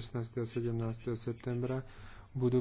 16. a 17. septembra budú